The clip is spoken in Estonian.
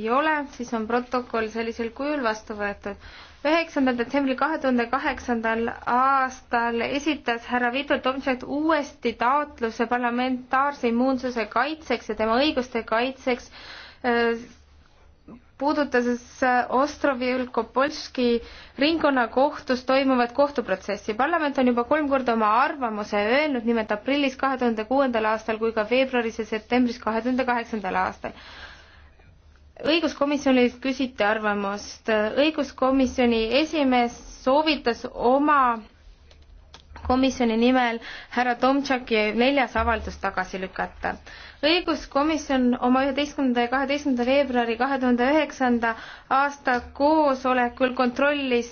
ei ole, siis on protokoll sellisel kujul vastu võetud. üheksandal detsembril kahe tuhande kaheksandal aastal esitas härra Vito Tomšek uuesti taotluse parlamentaarse immuunsuse kaitseks ja tema õiguste kaitseks äh, puudutases äh, Ostrovi Ülkopolski ringkonnakohtus toimuvat kohtuprotsessi. parlament on juba kolm korda oma arvamuse öelnud nimelt aprillis kahe tuhande kuuendal aastal kui ka veebruaris ja septembris kahe tuhande kaheksandal aastal õiguskomisjonilt küsiti arvamust. õiguskomisjoni esimees soovitas oma komisjoni nimel härra Tomtšaki neljas avaldus tagasi lükata. õiguskomisjon oma üheteistkümnenda ja kaheteistkümnenda veebruari kahe tuhande üheksanda aasta koosolekul kontrollis